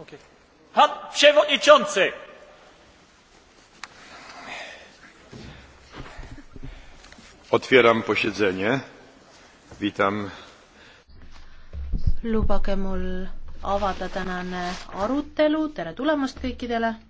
Okay. Pan przewodniczący! Otwieram posiedzenie. Witam. Lubage mul avada tänane arutelu. Tere tulemast kõikidele!